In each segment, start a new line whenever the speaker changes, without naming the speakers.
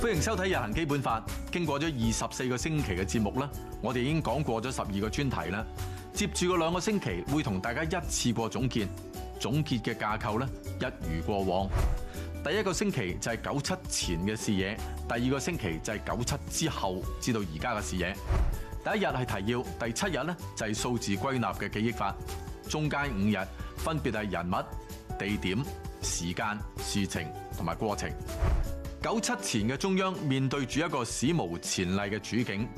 歡迎收睇《日行基本法》。經過咗二十四個星期嘅節目啦，我哋已經講過咗十二個專題啦。接住嗰兩個星期會同大家一次過總結，總結嘅架構咧，一如過往。第一個星期就係九七前嘅視野，第二個星期就係九七之後，直到而家嘅視野。第一日係提要，第七日咧就係數字歸納嘅記憶法。中間五日分別係人物、地點、時間、事情同埋過程。九七前嘅中央面對住一個史無前例嘅處境。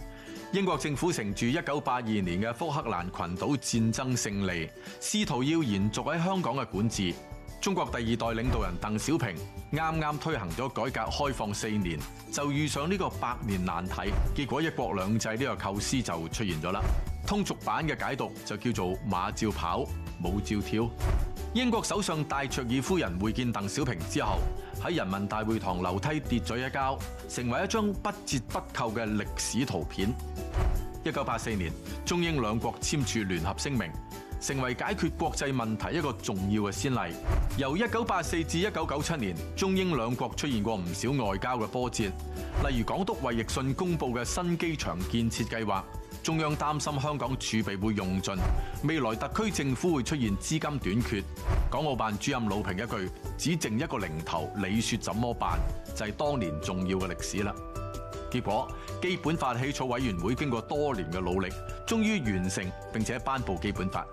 英國政府乘住一九八二年嘅福克蘭群島戰爭勝利，試圖要延續喺香港嘅管治。中國第二代領導人鄧小平啱啱推行咗改革開放四年，就遇上呢個百年難題，結果一國兩制呢個構思就出現咗啦。通俗版嘅解讀就叫做馬照跑，舞照跳。英國首相戴卓爾夫人會見鄧小平之後，喺人民大會堂樓梯跌咗一跤，成為一張不折不扣嘅歷史圖片。一九八四年，中英兩國簽署聯合聲明。成為解決國際問題一個重要嘅先例。由一九八四至一九九七年，中英兩國出現過唔少外交嘅波折，例如港督衛奕信公布嘅新機場建設計劃，中央擔心香港儲備會用盡，未來特區政府會出現資金短缺。港澳辦主任魯平一句，只剩一個零頭，你說怎麼辦？就係、是、當年重要嘅歷史啦。結果，基本法起草委員會經過多年嘅努力，終於完成並且頒佈基本法。